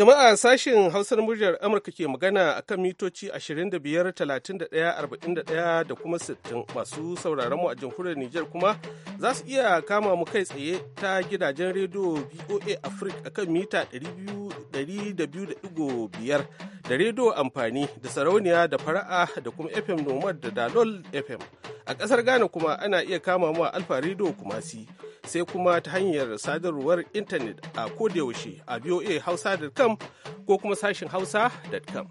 Jama'a sashen Hausar muryar Amurka ke magana a kan mitoci 25, 31, da kuma 60 masu sauraron mu a jamhuriyar Nijar kuma za su iya kama mu kai tsaye ta gidajen rediyo VOA Africa a kan mita 200.5 da rediyo amfani da sarauniya da fara'a da kuma FM Nomad da Dalol FM. A kasar Ghana kuma ana iya kama mu a Alfa Rediyo Kumasi. sai kuma ta hanyar sadarwar intanet a kodayaushe a voa hausa.com ko kuma sashin hausa.com.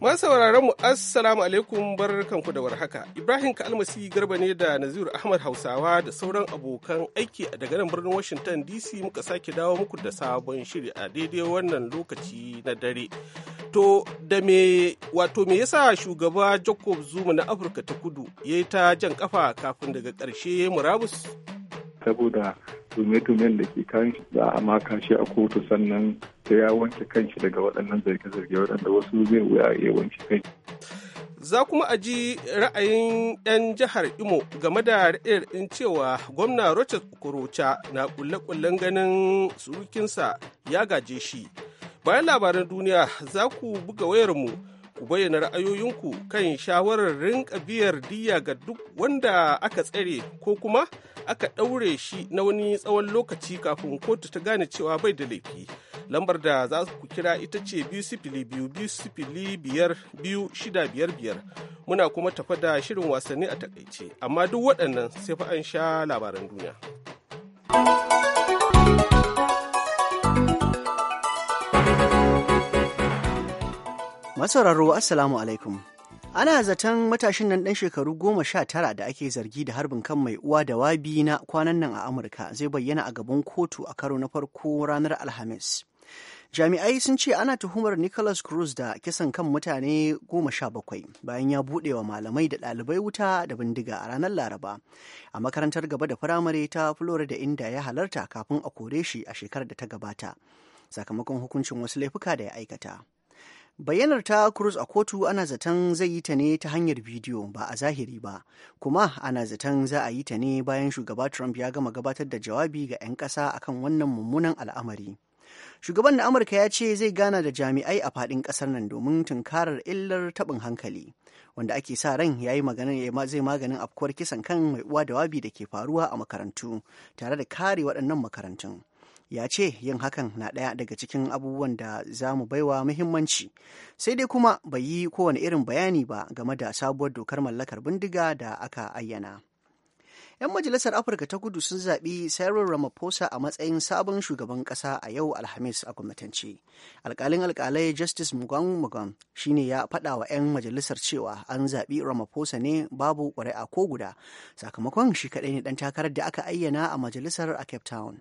Masu sauraron mu assalamu alaikum barkanku da warhaka. Ibrahim Kalmasi Garba ne da Naziru Ahmad Hausawa da sauran abokan aiki a daga nan birnin Washington DC muka sake dawo muku da sabon shiri a daidai wannan lokaci na dare. wato da me wato me yasa shugaba Jacob Zuma na Afirka ta Kudu ya yi ta jan kafa kafin daga ƙarshe murabus saboda tume-tumen da ke kan za a maka shi a kotu sannan ta ya wanke kanshi daga waɗannan zarge-zarge waɗanda wasu zai wuya ya wanke kai. Za kuma a ji ra'ayin 'yan jihar Imo game da raɗin cewa gwamna rochester Okorocha na kulle-kullen ganin surukinsa ya gaje shi. Bayan labaran duniya za ku buga wayarmu ku bayyana ra'ayoyinku kan shawarar rinka biyar diya ga duk wanda aka tsare ko kuma aka ɗaure shi na wani tsawon lokaci kafin kotu ta gane cewa bai da laifi. Lambar da za ku kira ita ce biyu sifili biyu biyu sifili biyar biyu shida biyar biyar. Muna kuma tafa da shirin wasanni a takaice, amma duk waɗannan sai fa an sha labaran duniya. Masararro Assalamu alaikum. Ana zaton matashin nan ɗan shekaru goma sha tara da ake zargi da harbin kan mai uwa da wabi na kwanan nan a Amurka zai bayyana a gaban kotu a karo na farko ranar Alhamis. jami'ai sun ce ana tuhumar nicholas cruz da kisan kan mutane goma sha bakwai bayan ya buɗe wa malamai da ɗalibai wuta da bindiga a ranar laraba a makarantar gaba da firamare ta florida inda ya halarta kafin a kore shi a shekarar da ta gabata sakamakon hukuncin wasu laifuka da ya aikata bayyanar ta cruz a kotu ana zaton zai yi ta ne ta hanyar bidiyo ba a zahiri ba kuma ana zaton za a yi ta ne bayan shugaba trump ya gama gabatar da jawabi ga 'yan ƙasa akan wannan mummunan al'amari shugaban da amurka ya ce zai gana da jami'ai a faɗin ƙasar nan domin tunkarar illar taɓin hankali wanda ake sa ran ya yi maganin zai maganin afkuwar kisan kan mai uwa da wabi da ke faruwa a makarantu tare da kare waɗannan makarantun ya ce yin hakan na ɗaya daga cikin abubuwan da za mu baiwa muhimmanci sai dai kuma bai yi kowane irin bayani ba game da sabuwar dokar mallakar bindiga da aka ayyana. 'Yan majalisar Afirka ta kudu sun zaɓi Cyril Ramaphosa a matsayin sabon shugaban ƙasa a yau Alhamis a gwamnatance. alkalin alkalai Justice Mugwan Mugwan shine ya faɗa wa 'yan majalisar cewa an zaɓi Ramaphosa ne babu ƙuri'a ko guda, sakamakon shi kaɗai ne ɗan takarar da aka ayyana a majalisar a Cape Town.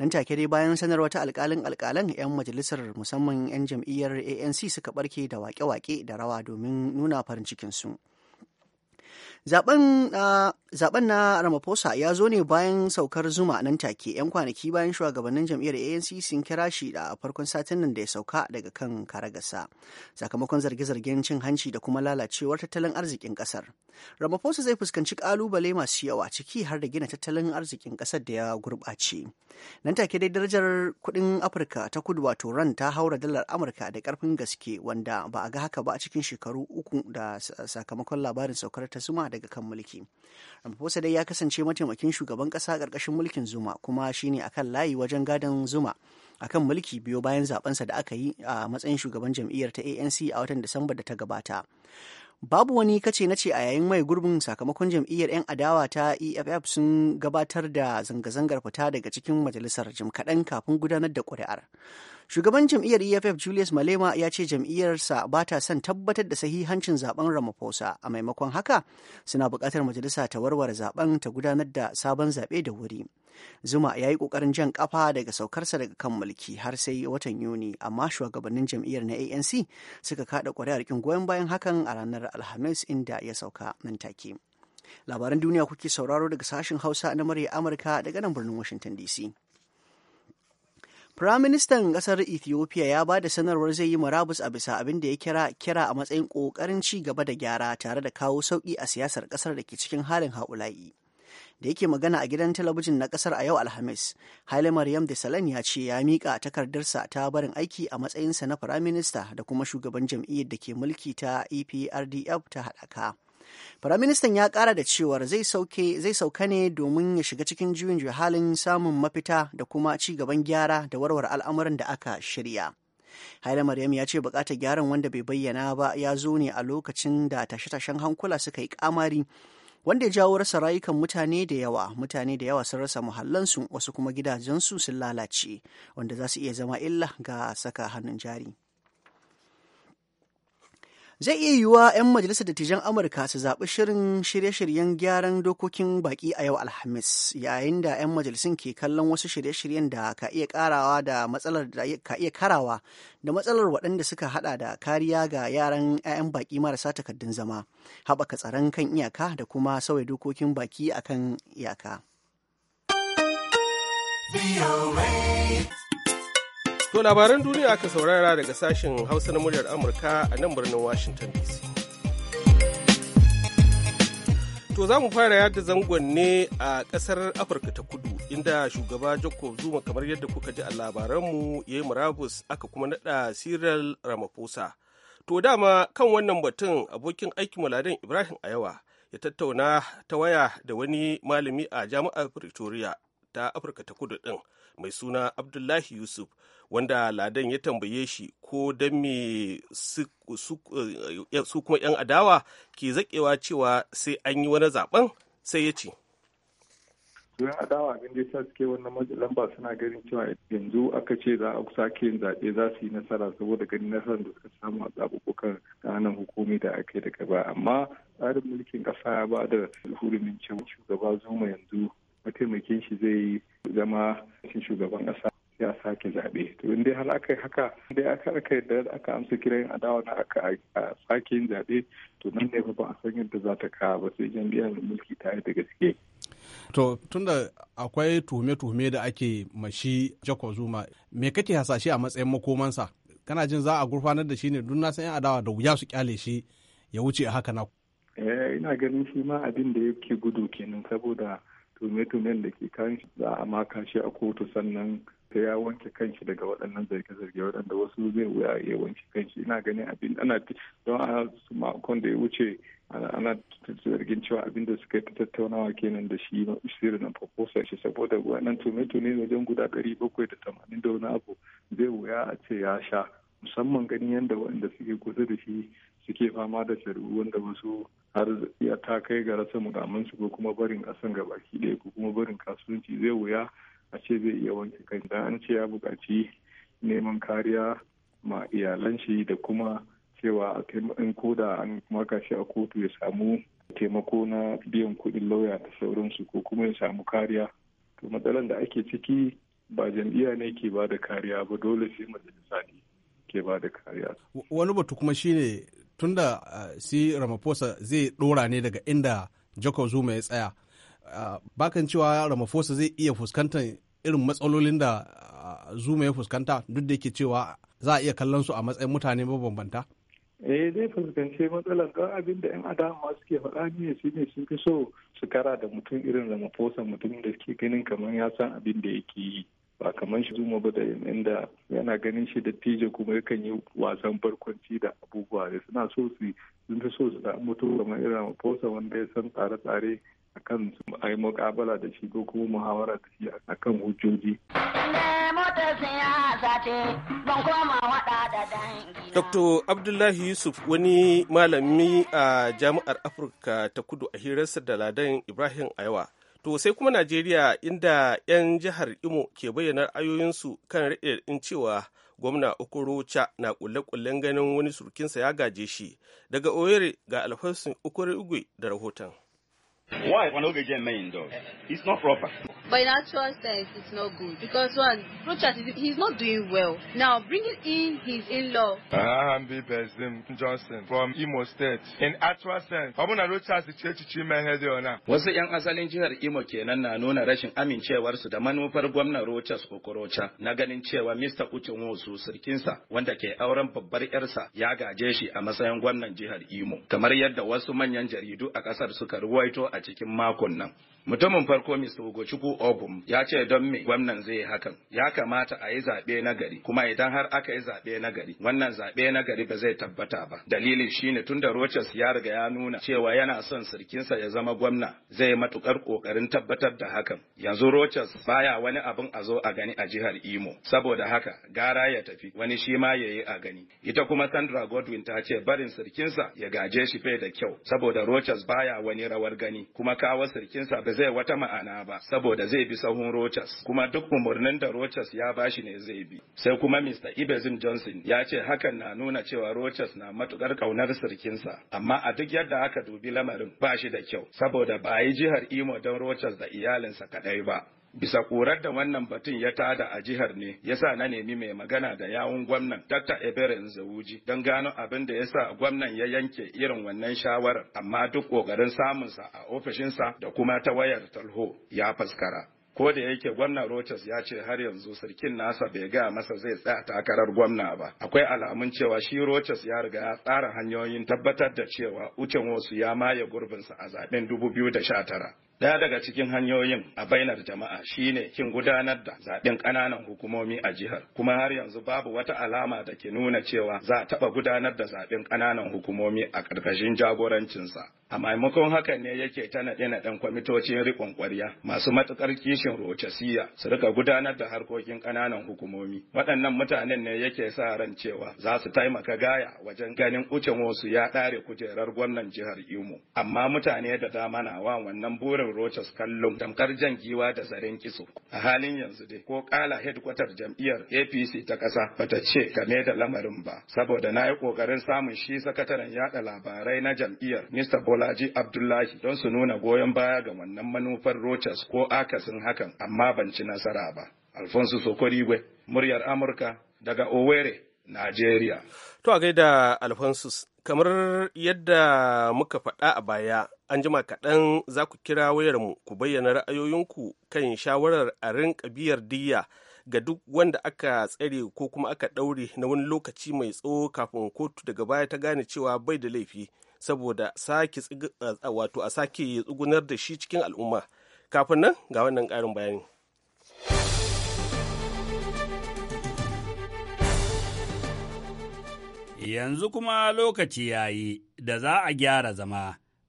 nan take dai bayan sanarwa ta alkalin alkalan 'yan majalisar musamman 'yan jam'iyyar anc suka barke da wake-wake da rawa domin nuna farin cikinsu. su Ah, zaben na Ramaphosa ya zo ne bayan saukar Zuma nan take 'yan kwanaki bayan shugabannin jam'iyyar ANC sun kira shi da farkon satin nan da ya sauka daga kan karagasa sakamakon zarge-zargen cin hanci da kuma lalacewar tattalin arzikin kasar. Ramaphosa zai fuskanci kalubale masu yawa ciki har da gina tattalin arzikin kasar da ya gurɓace. Nan take dai darajar kuɗin Afirka ta kudu wato ran ta haura dalar Amurka da ƙarfin gaske wanda ba a ga haka ba a cikin shekaru uku da sakamakon labarin saukar ta Zuma daga kan mulki ramaphosa dai ya kasance mataimakin shugaban ƙasa ƙarƙashin mulkin zuma kuma shine akan layi wajen gadon zuma akan mulki biyo bayan zabensa da aka yi a matsayin shugaban jam'iyyar ta anc a watan disamba da ta gabata babu wani kace na ce a yayin mai gurbin sakamakon jam'iyyar 'yan adawa ta eff sun gabatar da zanga-zangar fita daga cikin majalisar jim kaɗan kafin gudanar da ƙuri'ar Shugaban jam'iyyar EFF Julius Malema ya ce jam'iyyarsa ba ta son tabbatar da sahihancin zaben Ramaphosa a maimakon haka suna buƙatar majalisa ta warware zaben ta gudanar da sabon zaɓe da wuri. Zuma ya yi ƙoƙarin jan ƙafa daga saukarsa daga kan mulki har sai watan Yuni amma shugabannin jam'iyyar na ANC suka kaɗa ƙuri'ar kin goyon bayan hakan a ranar Alhamis inda ya sauka nan take. Labaran duniya kuke sauraro daga sashen Hausa na murya Amurka daga nan birnin Washington DC. Firaministan ƙasar Ethiopia ya ba da sanarwar zai yi murabus a bisa abin da ya kira kira a matsayin ƙoƙarin ci gaba da gyara tare da kawo sauƙi a siyasar ƙasar da ke cikin halin haula'i. Da yake magana a gidan talabijin na ƙasar a yau Alhamis, Haile Maryam salan ya ce ya miƙa takardarsa ta barin aiki a matsayinsa na firaminista da kuma shugaban jam'iyyar da ke mulki ta EPRDF ta haɗaka. Firaministan ya ƙara da cewar zai sauka ne domin ya shiga cikin juyin juya halin samun mafita da kuma ci gaban gyara da warware al'amuran da aka shirya. Haile Maryam ya ce bukatar gyaran wanda bai bayyana ba ya zo ne a lokacin da tashe-tashen hankula suka yi kamari wanda ya jawo rasa rayukan mutane da yawa mutane da yawa sun rasa muhallansu wasu kuma gidajensu sun lalace wanda za su iya zama illa ga saka hannun jari. zai iya yiwuwa 'yan majalisar dattijan amurka su zaɓi shirin shirye-shiryen gyaran dokokin baƙi a yau alhamis yayin da 'yan majalisun ke kallon wasu shirye-shiryen da ka iya karawa da matsalar da ka iya karawa da matsalar waɗanda suka hada da kariya ga yaran 'ya'yan baƙi marasa takardun zama haɓaka tsaron kan iyaka da kuma sauya dokokin baƙi akan iyaka. To labaran duniya aka saurara daga sashen Hausa na muryar Amurka a nan birnin Washington DC. To za mu fara yadda zangon ne a ƙasar Afirka ta kudu inda shugaba Jacob Zuma kamar yadda kuka ji a labaranmu ya yi murabus aka kuma naɗa Cyril Ramaphosa. To dama kan wannan batun abokin aikin muladen Ibrahim Ayawa ya tattauna ta waya da wani malami a jami'ar Pretoria ta afirka ta kudu ɗin mai suna abdullahi yusuf wanda ladan ya tambaye shi ko don me eh, su kuma 'yan adawa ke zaƙewa cewa sai an yi wani zaben sai ya ce yan adawa abin da ya suke wannan lamba suna ganin cewa yanzu aka ce za a sake yin zaɓe za su yi nasara saboda ganin nasarar da suka samu a zaɓuɓɓukan ƙananan hukumi da aka yi daga baya amma tsarin mulkin ƙasa ya ba da hurumin cewa shugaba zuma yanzu mataimakin shi zai zama shugaban ƙasa ya sake zaɓe to in dai hala aka haka dai aka aka yadda aka amsa kiran adawa na aka sake yin zaɓe to nan ne ba a san yadda za ta ka ba sai jam'iyyar mulki ta da gaske to tunda akwai tuhume-tuhume da ake mashi Jako Zuma me kake hasashe a matsayin makomansa kana jin za a gurfanar da shi ne duk na san yan adawa da wuya su kyale shi ya wuce a haka na eh ina ganin shi ma abin da yake gudu kenan saboda tume-tumen da ke kan shi za a maka shi a kotu sannan ta ya wanke kanshi daga waɗannan zarge-zarge waɗanda wasu zai wuya ya wanke kanshi ina ganin abin ana don a makon da ya wuce ana zargin cewa abin da suka ta tattaunawa kenan da shi sirri na proposal shi saboda wannan tume-tume wajen guda ɗari bakwai da tamanin da wani abu zai wuya a ce ya sha musamman ganin yadda waɗanda suke kusa da shi suke fama da shari'u wanda wasu har ya ta kai ga rasa su ko kuma barin ƙasan gaba ɗaya ko kuma barin kasuwanci zai wuya a ce zai iya wanke kai da an ce ya buƙaci neman kariya ma iyalan shi da kuma cewa taimakon ko da an maka shi a kotu ya samu taimako na biyan kuɗin lauya da sauransu ko kuma ya samu kariya to matsalan da ake ciki ba jam'iyya ne ke ba da kariya ba dole sai majalisa ne ke ba da kariya. Wani batu kuma shine tunda eh, si ramaphosa zai dora ne daga inda jacob zuma ya tsaya eh, bakan cewa ramaphosa zai iya fuskantar irin matsalolin da eh, zuma ya fuskanta duk da yake cewa za a iya kallon su a matsayin mutane mabambanta eh zai fuskanci matsalar ga abin da yan adama suke faɗa ne shi ne sun fi so su kara da mutum irin ramaphosa mutumin da suke ganin kamar ya san abin da yake yi ba kamar shi zuma ba da inda yana ganin shi da tije kuma yakan yi wasan barkwanci da abubuwa da suna so su sun fi so su da mutu kamar irin fosa wanda ya san tsare-tsare akan su a yi mukabala da shi ko kuma muhawara da shi akan hujjoji. Dr. Abdullahi Yusuf wani malami a Jami'ar Afirka ta Kudu a hirarsa da Ladan Ibrahim Ayawa. To sai kuma Najeriya inda 'yan jihar Imo ke bayyana ra'ayoyinsu kan raɗaɗin cewa gwamna Okorocha na ƙulle kullen ganin wani surukinsa ya gaje shi daga Owerri ga Alfonso ugwe da rahoton. Why can Ogeje remain though? It's not proper. But in actual sense, it's not good because one, Rochas he's not doing well. Now bringing in his in-law. Ahambi Bezim Johnson from Imo State. In actual sense, to Rochas my head here now. What's Wasu 'yan asalin jihar Imo kenan na nuna rashin amincewarsu da manufar gwamnan Rochas Okorocha na ganin cewa Mr. Uchenwosu sirkinsa wanda ke auren babbar 'yarsa ya gaje shi a matsayin gwamnan jihar Imo. Kamar yadda wasu manyan jaridu a ƙasar suka ruwaito a a cikin makon nan Mutumin farko Mr. ogochukwu Obum ya ce don me gwamnan zai yi hakan. Ya kamata a yi zaɓe na gari kuma idan har aka yi zaɓe na gari wannan zaɓe na gari ba zai tabbata ba. dalilin shine tunda Rochas ya riga ya nuna cewa yana son sirkinsa ya zama gwamna zai matukar kokarin tabbatar da hakan. Yanzu Rochas baya wani abin a zo a gani a jihar Imo. Saboda haka gara ya tafi wani shi ma ya yi a gani. Ita kuma Sandra Godwin ta ce barin sirkinsa ya gaje shi fai da kyau saboda Rochas baya wani rawar gani kuma kawo sirkinsa ba zai wata ma'ana ba saboda zai bi sahun Rochas kuma duk umarnin da Rochas ya bashi ne zai bi. Sai kuma Mr. Ibezim Johnson ya ce hakan na nuna cewa Rochas na matukar kaunar sirkinsa amma a duk yadda aka dubi lamarin ba shi da kyau saboda ba yi jihar Imo don Rochas da iyalinsa kadai ba. bisa korar da wannan batun ya tada a jihar ne ya sa na nemi mai magana da yawun gwamnan Dr. eberin zawuji don gano abin da yasa gwamnan ya yanke irin wannan shawarar amma duk kokarin samunsa a ofishinsa da kuma ta wayar talho ya faskara. Ko da yake gwamnan Rochas ya ce har yanzu sarkin nasa bai gaya masa zai tsaya takarar gwamna ba. Akwai alamun cewa shi Rochas ya riga ya tsara hanyoyin tabbatar da cewa ucin wasu ya maye gurbinsa a zaben tara. Daya daga cikin hanyoyin a bainar jama'a shine kin gudanar da zaɓen ƙananan hukumomi a jihar, kuma har yanzu babu wata alama da ke nuna cewa za a taɓa gudanar da zaɓen ƙananan hukumomi a ƙarƙashin jagorancinsa. A maimakon hakan ne yake ta naɗe-naɗen kwamitocin riƙon ƙwarya masu matuƙar kishin rocesiya su rika gudanar da harkokin ƙananan hukumomi. Waɗannan mutanen ne yake sa ran cewa za su taimaka gaya wajen ganin ucin wasu ya ɗare kujerar gwamnan jihar Imo. Amma mutane da dama na wa wannan burin John Rochas kallon tamkar jan giwa da zaren kiso. A halin yanzu dai ko kala headquarter jam'iyyar APC ta ƙasa bata ce game da lamarin ba saboda na yi kokarin samun shi sakataren yada labarai na jam'iyyar Mr. Bolaji Abdullahi don su nuna goyon baya ga wannan manufar Rochas ko akasin hakan amma ban ci nasara ba. Alfonso Sokorigwe, muryar Amurka daga Owerri, Najeriya. To a gaida Alfonso, kamar yadda muka faɗa a baya, an jima kaɗan za ku kira wayarmu ku bayyana ra'ayoyinku kan shawarar a rinka biyar diyya ga duk wanda aka tsare ko kuma aka ɗaure na wani lokaci mai tsawo kafin kotu daga baya ta gane cewa bai da laifi saboda sake wato a sake tsugunar da shi cikin al'umma kafin nan ga wannan ƙarin bayani yanzu kuma lokaci yayi da za a gyara zama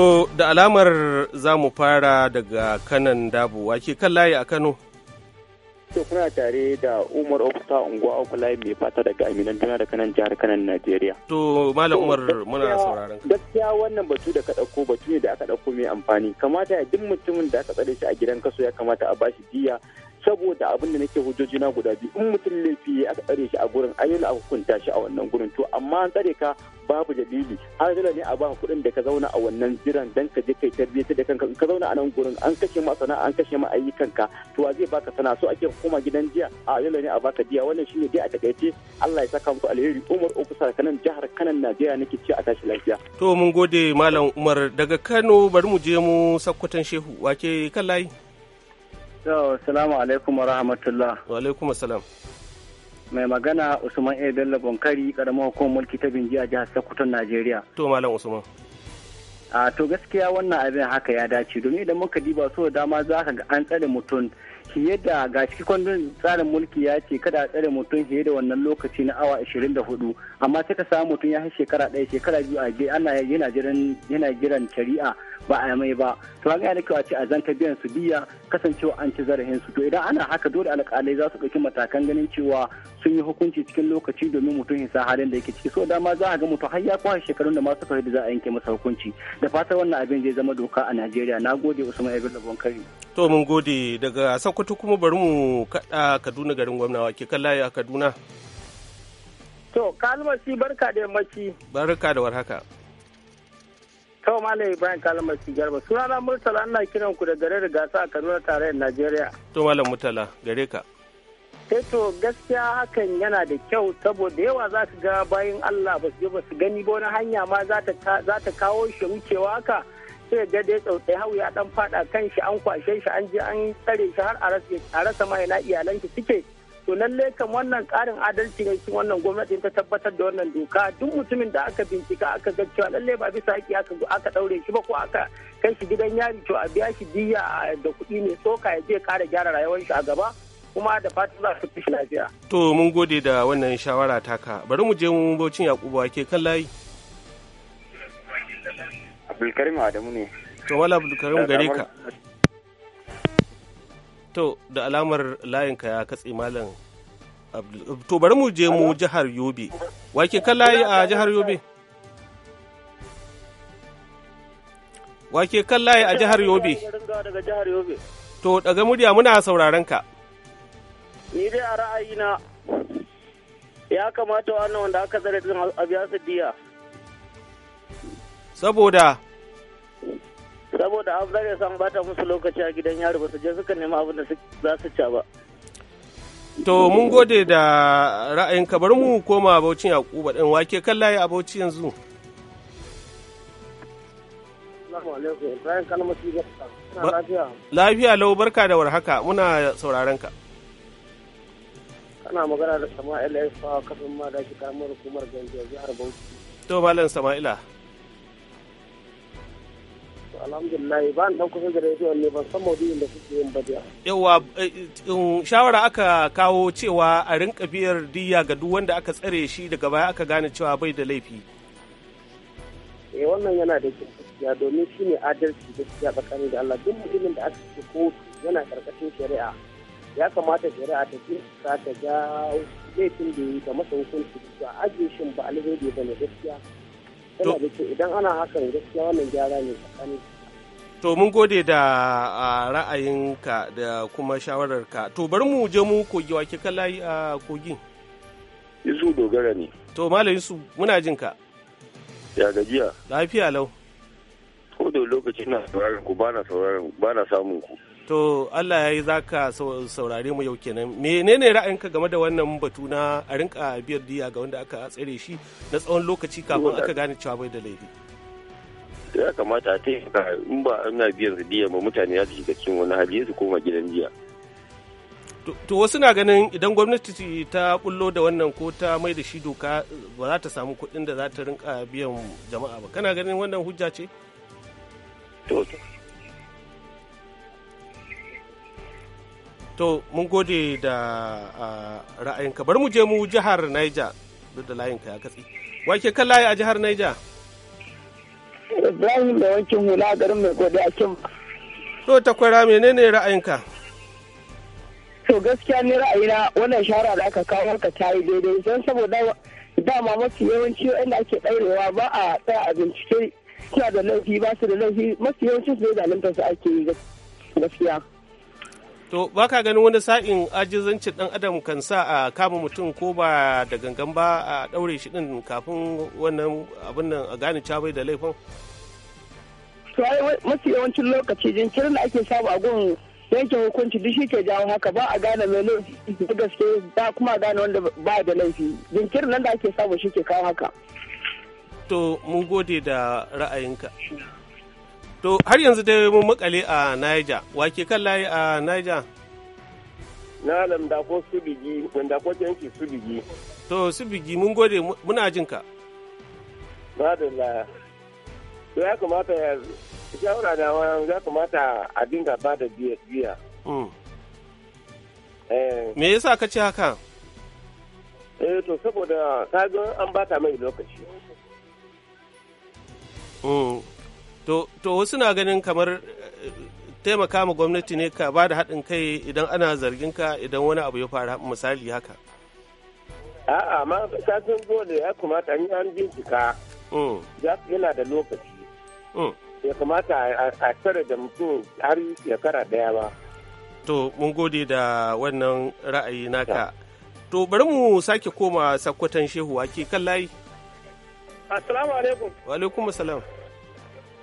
To da alamar za mu fara daga kanan dabu wake kan layi a Kano. To kuna tare da Umar Okuta unguwa Okulai mai fata daga Aminan Duna da kanan jihar Kanan Najeriya. To Malam Umar muna sauraron. Gaskiya wannan batu da ka ɗauko batu ne da aka ɗauko mai amfani. Kamata ya duk mutumin da aka tsare shi a gidan kaso ya kamata a bashi diya saboda abin da nake hujjoji na guda biyu in mutum laifi ya aka tsare shi a gurin a yi a kunta shi a wannan gurin to amma an tsare ka babu dalili har dole ne a ba kuɗin da ka zauna a wannan jiran dan ka je kai tarbiyyar da kanka ka zauna a nan gurin an kashe a sana'a an kashe ma ayyukanka to wa zai baka sana so ake koma gidan jiya a dole ne a baka jiya wannan shine dai a takaice Allah ya saka muku alheri Umar ofisa kanan jihar Kanan Najeriya nake ci a tashi lafiya to mun gode malam Umar daga Kano bari mu je mu sakkwatan Shehu wake kallai. layi Yau, salamu alaikum wa rahmatullah. Wa alaikum salam. Mai magana Usman A. Bello Bonkari, karamar hukumar mulki ta Binji a jihar Sokoto, Najeriya. To, Malam Usman. A to gaskiya wannan abin haka ya dace domin idan muka diba so dama za ka ga an tsare mutum fiye da ga shi kwandon tsarin mulki ya ce kada a tsare mutum fiye da wannan lokaci na awa 24 amma sai ka samu mutum ya yi shekara ɗaya shekara biyu a je ana yana jiran jiran shari'a ba a mai ba to haka yana kyau a ce a zanta biyan su biya kasancewa an ci zarafin su to idan ana haka dole alƙalai za su ɗauki matakan ganin cewa sun yi hukunci cikin lokaci domin mutum ya sa halin da yake ciki so dama za a ga mutum har ya kwa shekarun da masu da za a yanke masa hukunci da fatan wannan abin zai zama doka a Najeriya na gode Usman Ibrahim Kari to mun gode daga Sokoto Sokoto kuma bari mu kaɗa Kaduna garin gwamnawa ke kan layi a Kaduna. To, kalmasi barka da yammaci. Barka da warhaka. ma Malam Ibrahim kalmasi garba. Sunana Murtala ana kiran ku da gare da gasa a Kaduna tare tarayyar Najeriya. To, Malam Murtala, gare ka. Eh, to gaskiya hakan yana da kyau saboda yawa za ka ga bayan Allah ba su ba su gani ba wani hanya ma za ta kawo shi wucewa haka. sai ga dai tsautsai hau ya dan fada kan shi an kwashe shi an je an tsare shi har a rasa ma na iyalan shi suke to lalle kan wannan karin adalci ne shi wannan gwamnati ta tabbatar da wannan doka duk mutumin da aka bincika aka ga cewa lalle ba bisa haƙi aka aka daure shi ba ko aka kai shi gidan yari to a biya shi diya da kuɗi ne tsoka ya je kare gyara rayuwar shi a gaba kuma da fatan za su fi lafiya. To mun gode da wannan shawara taka bari mu je mu bocin Yakubu ake kan layi. Abdulkarim Adamu ne. To wala Abdulkarim gare ka. To da alamar layin ka ya katse malam Abdul To bari mu je mu jihar Yobe. Wake kan layi a jihar Yobe? Wake kan layi a jihar Yobe? To daga murya muna sauraron ka. Ni dai a ra'ayina ya kamata wannan wanda aka zare din a diya. Saboda saboda an zare san bata musu lokaci a gidan yari ba su je suka nemi abin da za su ci ba to mun gode da ra'ayinka bari mu koma baucin yakuba din wake kan layi a yanzu lafiya lau barka da warhaka muna sauraron ka kana magana da sama'ila ya fawa kafin ma da shi karamar hukumar ganjiya jihar bauchi to malam sama'ila alhamdulillah ba ni dan kusa da ne ban san maudu'in da kuke yin ba yawa eh, shawara aka kawo cewa a rinka biyar diya ga duk wanda aka tsare shi daga baya aka gane cewa bai da laifi e wannan yana da gaskiya domin shi ne adalci gaskiya tsakanin da Allah duk mutumin da aka ce kotu yana karkashin shari'a ya kamata shari'a ta ce ta ga laifin da ya yi ga masa hukunci a ajiye shin ba alheri ba ne gaskiya yana da idan ana hakan gaskiya wannan gyara ne tsakanin To mun gode da ra'ayinka da kuma shawararka. To bari mu je mu kogi wake kala a kogi. izu dogara ne. To Malam Yusuf muna jin ka. Ya gajiya. Lafiya lau. Ko da lokaci na sauraron ku ba sauraron samun ku. To Allah ya yi za ka saurare mu yau kenan. Menene ra'ayinka game da wannan batu na a rinka biyar diya ga wanda aka tsare shi na tsawon lokaci kafin aka gane cewa bai da laifi? Ya kamata a yi in ba ana biyar su diya ba mutane ya shiga cikin wani hali su koma gidan diya. To wasu na ganin idan gwamnati ta bullo da wannan ko ta mai da shi doka ba za ta samu kuɗin da za ta rinka biyan jama'a ba. Kana ganin wannan hujja ce? To, mun gode da ra'ayinka. Bari mu je mu jihar Niger, duk da layinka ya katsi. Wake kan layi a jihar Niger? Ibrahim da wankin hula garin mai gode a kin. To, takwara menene ra'ayinka? To, gaskiya ne ra'ayina wannan shara da aka kawo ka ta yi daidai, don saboda dama mafi yawanci inda ake ɗaurewa ba a tsaya a bincike suna da laifi ba su da laifi mafi yawancin su ne da su ake yi gaskiya. To ba ka ganin wani sa'in ajizancin dan adam kan sa a kama mutum ko ba da gangan ba a daure shi din kafin wannan abin nan a gane bai da laifin? To mafi yawancin lokaci jinkirin da ake samu a gun yanke hukunci duk shi ke jawo haka ba a gane mai laifi da gaske ba kuma gane wanda ba da laifi jinkirin nan da ake samu shi ke kawo haka to mun gode da ra'ayinka To har yanzu dai mun makale a Niger, wake kan layi a Niger? Na ko su bigi, ko yanki su bigi. To su bigi mun gode muna jin ka. Madalla. To ya kamata ya shawara da ya kamata a dinga ba da biya biya. Hmm. Eh. Me yasa ka ce haka? Eh to saboda ga an bata mai lokaci. Hmm. to wasu na ganin kamar eh, taimaka ma gwamnati ne ka ba da haɗin kai idan ana zargin ka idan wani abu ya fara misali haka a'a ma kasan dole ya kamata an yi an bincika mm. yana da lokaci mm. ya kamata a tsara da mutum har shekara daya ba to mun gode da wannan ra'ayi naka to bari mu sake koma sakkwatan shehu ake kan layi assalamu alaikum wa alaikum assalam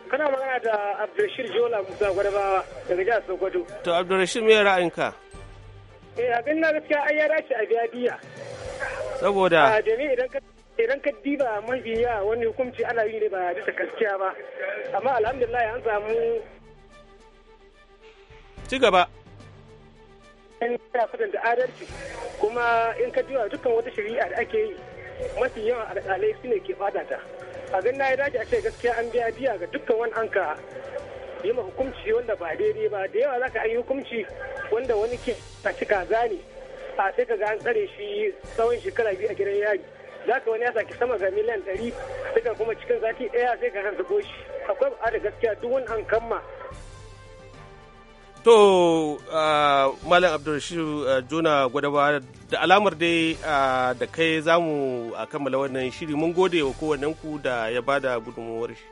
kana magana da abdulrashid jola musa gwadabawa daga jihar sokoto to abdulrashid me ra'ayinka eh abin na gaskiya an yara shi a biya biya saboda ah, domin idan ka idan ka diba mafi yawa wani hukunci ana yi ne ba bisa gaskiya ba amma alhamdulillah an samu ci gaba in ya kwatanta adalci kuma in ka diba dukkan wata shari'a da ake yi mafi yawan alƙalai su ne ke fadata abin na ya dace a ce gaskiya an biya biya ga dukkan wani anka yi ma hukunci wanda ba daidai ba da yawa za ka yi hukunci wanda wani ke a cika zane a sai ka ga an tsare shi tsawon shekara biyu a gidan yari za ka wani ya saki sama ga miliyan ɗari sai ka kuma cikin zaki ɗaya sai ka harzuko shi akwai ba da gaskiya duk wani an kamma To, Malam Abdulrashidu Jona Gwadabawa da alamar dai da kai zamu a kammala wannan shiri mun gode wa ku da ya bada gudunmuwar shi.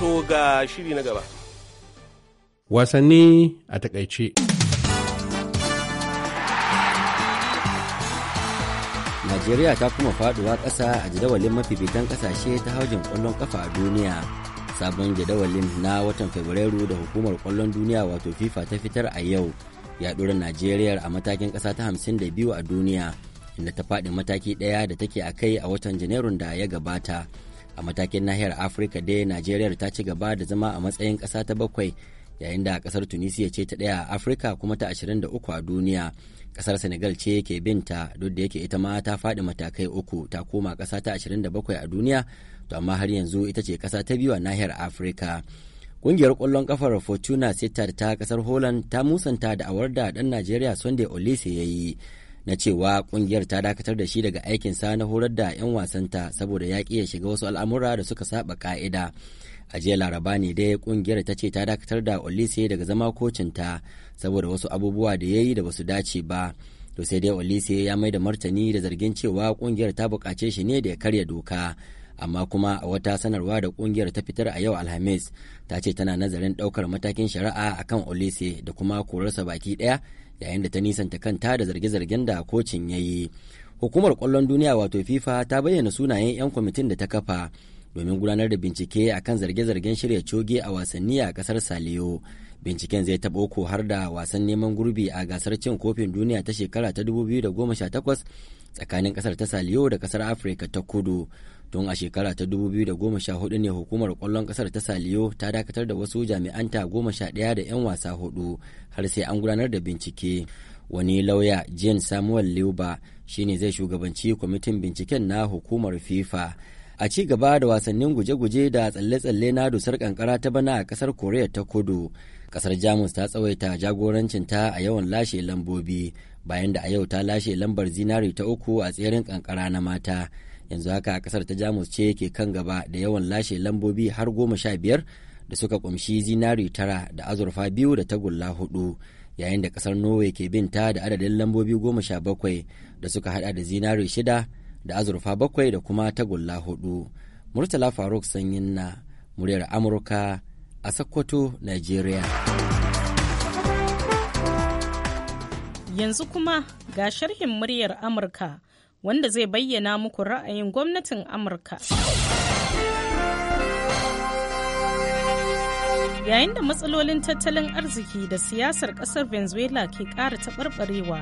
To ga shiri na gaba. Wasanni a takaice. Najeriya ta kuma faduwa ƙasa a jadawalin bitan ƙasashe ta haujin kwallon ƙafa a duniya. sabon jadawalin na watan fabrairu da hukumar kwallon duniya wato fifa ta fitar a yau ya dora najeriya a matakin kasa ta 52 a duniya inda ta faɗi mataki ɗaya da take a kai a watan janairun da ya gabata a matakin nahiyar afirka dai najeriya ta ci gaba da zama a matsayin kasa ta bakwai yayin da kasar tunisia ce ta ɗaya a afirka kuma ta 23 a duniya kasar senegal ce ke binta duk da yake ita ma ta faɗi matakai uku ta koma kasa ta 27 a duniya to amma har yanzu ita ce kasa ta biyu a nahiyar afirka Ƙungiyar kwallon ƙafar Fortuna sitar ta kasar holand ta musanta da awar da dan Najeriya Sunday Olise ya yi na cewa ƙungiyar ta dakatar da shi daga aikinsa na horar da 'yan wasanta saboda ya ya shiga wasu al'amura da suka saba ka'ida A jiya laraba ne dai ƙungiyar ta ce ta dakatar da Olise daga zama kocinta saboda wasu abubuwa da ya yi da basu dace ba. To sai dai Olise ya mai da martani da zargin cewa ƙungiyar ta bukace shi ne da ya karya doka. amma kuma a wata sanarwa da kungiyar ta fitar a yau alhamis ta ce tana nazarin daukar matakin shari'a a kan olise da kuma korarsa baki daya yayin da ta nisanta kanta da zarge-zargen da kocin ya yi hukumar kwallon duniya wato fifa ta bayyana sunayen 'yan kwamitin da ta kafa domin gudanar da bincike akan zarge-zargen shirya coge a wasanni a kasar saliyo binciken zai taɓo ko har da wasan neman gurbi a gasar cin kofin duniya ta shekara ta 2018 tsakanin kasar ta saliyo da kasar afirka ta kudu tun a shekara ta 2014 ne hukumar kwallon kasar ta saliyo ta dakatar da wasu jami'anta goma sha ɗaya da 'yan wasa hudu har sai an gudanar da bincike wani lauya jane samuel liuba shine zai shugabanci kwamitin binciken na hukumar fifa a ci gaba da wasannin guje-guje da tsalle-tsalle na dusar kankara ta bana a kasar korea ta kudu kasar jamus ta tsawaita jagorancinta a yawan lashe lambobi bayan da a yau ta lashe lambar zinari ta uku a tseren kankara na mata yanzu haka kasar ta jamus ce ke kan gaba da yawan lashe lambobi har goma sha biyar da suka kumshi zinari tara da azurfa biyu da tagulla hudu yayin da kasar norway ke bin ta da adadin lambobi goma sha bakwai da suka hada da zinari shida da azurfa bakwai da kuma tagulla hudu murtala faruk sanyin na muryar amurka a sokoto nigeria yanzu kuma ga sharhin muryar amurka wanda zai bayyana muku ra'ayin gwamnatin Amurka. yayin da matsalolin tattalin arziki da siyasar kasar venezuela ke kara taɓarɓarewa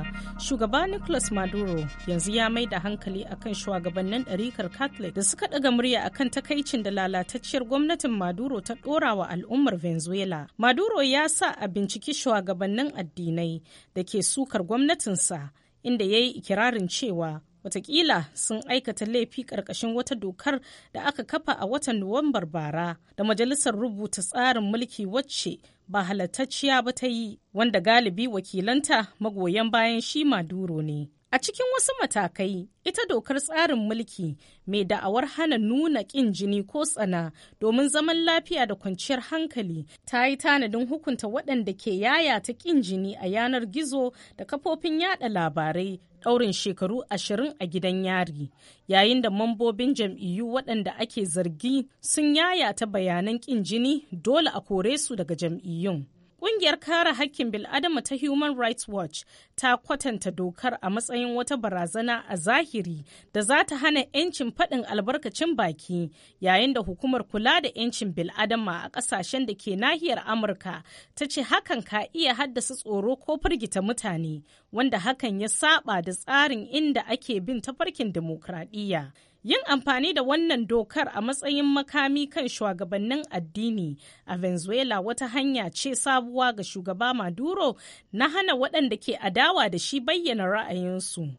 shugaba nicolas maduro yanzu ya mai da hankali akan shugabannin ɗarikar catholic da suka ɗaga murya akan takaicin da lalatacciyar gwamnatin maduro ta ɗora wa al'ummar venezuela maduro ya sa a binciki shugabannin addinai da ke sukar gwamnatinsa inda ya yi ikirarin cewa watakila sun aikata laifi ƙarƙashin wata dokar da aka kafa a watan nuwambar bara da majalisar rubuta tsarin mulki wacce ba halattacciya ba ta yi wanda galibi wakilanta magoyan bayan shi maduro ne a cikin wasu matakai ita dokar tsarin mulki mai da'awar hana nuna ƙin jini ko tsana domin zaman lafiya da kwanciyar hankali ta yi tanadin hukunta waɗanda ke yaya ta ƙin jini a yanar gizo da kafofin yada labarai ɗaurin shekaru ashirin a gidan yari yayin da mambobin jam'iyyu waɗanda ake zargi sun yayata bayanan ƙin jini dole a kore su daga jam'iyyun Ƙungiyar kare hakkin bil'adama ta Human Rights Watch ta kwatanta dokar a matsayin wata barazana a zahiri da za ta hana 'yancin faɗin albarkacin baki yayin da hukumar kula da 'yancin bil'adama a ƙasashen da ke nahiyar Amurka ta ce hakan ka iya haddasa tsoro ko firgita mutane wanda hakan ya saba da tsarin inda ake bin tafarkin dimokuraɗiyya. Yin amfani da wannan dokar a matsayin makami kan shugabannin addini a Venezuela wata hanya ce sabuwa ga shugaba Maduro na hana waɗanda ke adawa da shi bayyana ra'ayinsu.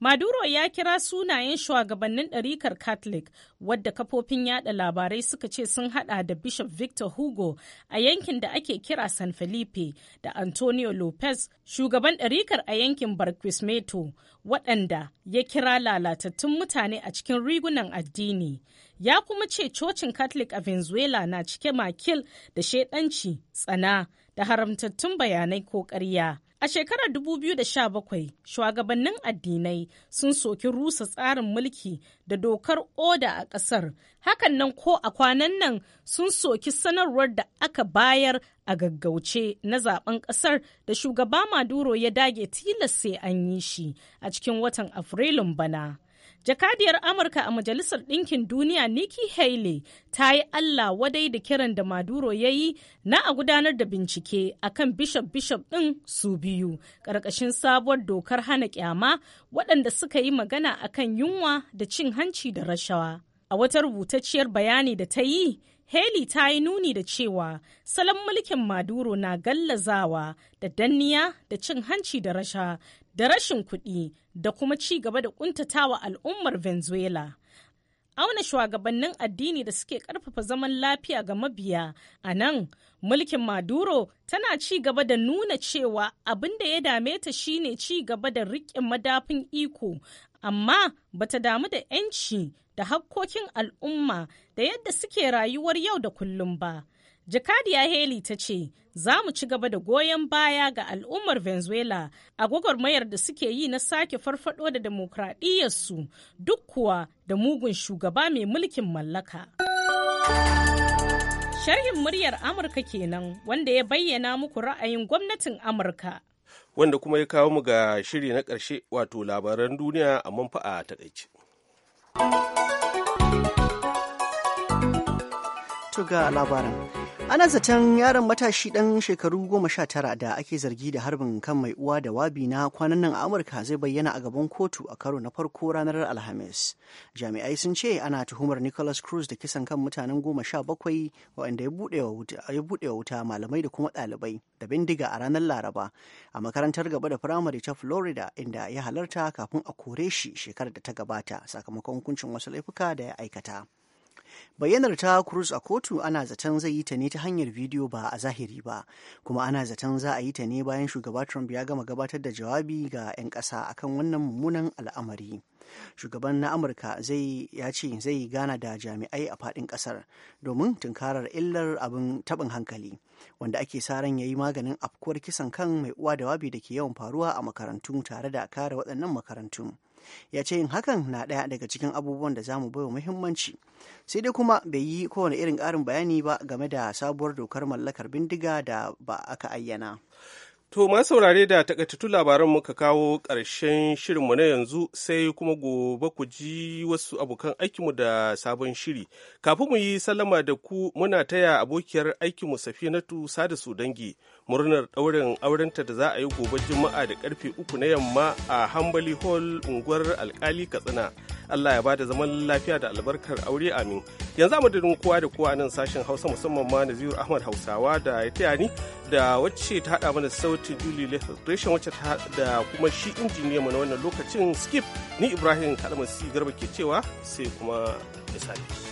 Maduro ya kira sunayen shugabannin ɗarikar Catholic wadda kafofin yada labarai suka ce sun hada da Bishop Victor Hugo a yankin da ake kira San Felipe da Antonio Lopez shugaban ɗarikar a yankin Barquisimeto waɗanda ya kira lalatattun mutane a cikin rigunan addini. Ya kuma ce cocin Catholic a Venezuela na cike makil da shaidanci, tsana da haramtattun bayanai ko ƙarya. A shekarar 2017, shugabannin addinai sun soki rusa tsarin mulki da dokar oda a ƙasar. Hakan nan ko a kwanan nan sun soki sanarwar da aka bayar a gaggauce na zaben ƙasar da shugaba Maduro ya dage tilas sai an yi shi a cikin watan Afrilun bana. Jakadiyar Amurka a Majalisar Ɗinkin Duniya Nikki Haley ta yi Allah wadai da kiran da Maduro ya yi na a gudanar da bincike a kan bishop-bishop ɗin su biyu ƙarƙashin sabuwar dokar hana ƙyama waɗanda suka yi magana a kan yunwa da cin hanci da rashawa. A wata rubutacciyar bayani da ta yi, Haley ta yi nuni da cewa salon mulkin Maduro na gallazawa da danniya da cin hanci da rasha da rashin kuɗi da kuma ci gaba da ƙuntatawa al'ummar Venezuela. Auna shugabannin addini da suke ƙarfafa zaman lafiya ga mabiya a nan mulkin Maduro tana ci gaba da nuna cewa abin da ya dame ta shine ci gaba da riƙe madafin iko amma bata damu da 'yanci da hakkokin al'umma da yadda suke rayuwar yau da kullum ba. Jakadiya Haley ta ce, Za mu ci gaba da goyon baya ga al'ummar Venezuela a gwagwarmayar da suke yi na sake farfado da demokradiyyarsu duk kuwa da mugun shugaba mai mulkin mallaka. Sharhin muryar Amurka kenan wanda ya bayyana muku ra'ayin gwamnatin Amurka. Wanda kuma ya kawo mu ga shiri na ƙarshe wato labaran duniya a manfa'a ta takaice. to ga labaran. Ana zaton yaron matashi ɗan shekaru goma sha tara da ake zargi da harbin kan mai uwa da wabi na kwanan nan a Amurka zai bayyana a gaban kotu a karo na farko ranar Alhamis. Jami'ai sun ce ana tuhumar Nicholas Cruz da kisan kan mutanen goma sha bakwai waɗanda ya buɗe wuta malamai da kuma ɗalibai da bindiga a ranar Laraba a makarantar gaba da firamare ta Florida inda ya halarta kafin a kore shi shekarar da ta gabata sakamakon hukuncin wasu laifuka da ya aikata. bayyanar ta cruz a kotu ana zaton zai yi ta ne ta hanyar bidiyo ba a zahiri ba kuma ana zaton za a yi ta ne bayan shugaba trump ya gama gabatar da jawabi ga 'yan ƙasa akan wannan mummunan al'amari shugaban na amurka zai ya ce zai gana da jami'ai a faɗin ƙasar domin tunkarar illar abin taɓin hankali wanda ake sa ran ya yi maganin afkuwar kisan kan mai uwa da wabi da ke yawan faruwa a makarantu tare da kare waɗannan makarantu ya ce yin hakan na ɗaya daga cikin abubuwan da zamu baiwa muhimmanci sai dai kuma bai yi kowane irin ƙarin bayani ba game da sabuwar dokar mallakar bindiga da ba aka ayyana To ma saurare da takaitattun labaran muka kawo ƙarshen shirinmu na yanzu sai kuma gobe ku ji wasu abokan aikinmu da sabon shiri. Kafin mu yi sallama da ku muna taya abokiyar aikinmu Safinatu Sada dangi murnar ɗaurin aurenta da za a yi gobe Juma'a da ƙarfe uku na yamma a Hambali Hall unguwar Alkali Katsina. Allah ya bada zaman lafiya da albarkar aure amin yanzu madadin kowa da kowa nan sashen Hausa musamman ma Naziru Ahmad Hausawa da ya taya ni da wacce ta hada mana sautin Julie Lethration wacce ta da kuma shi injiniya mu na wannan lokacin Skip ni Ibrahim Kalmasi Garba ke cewa sai kuma misali.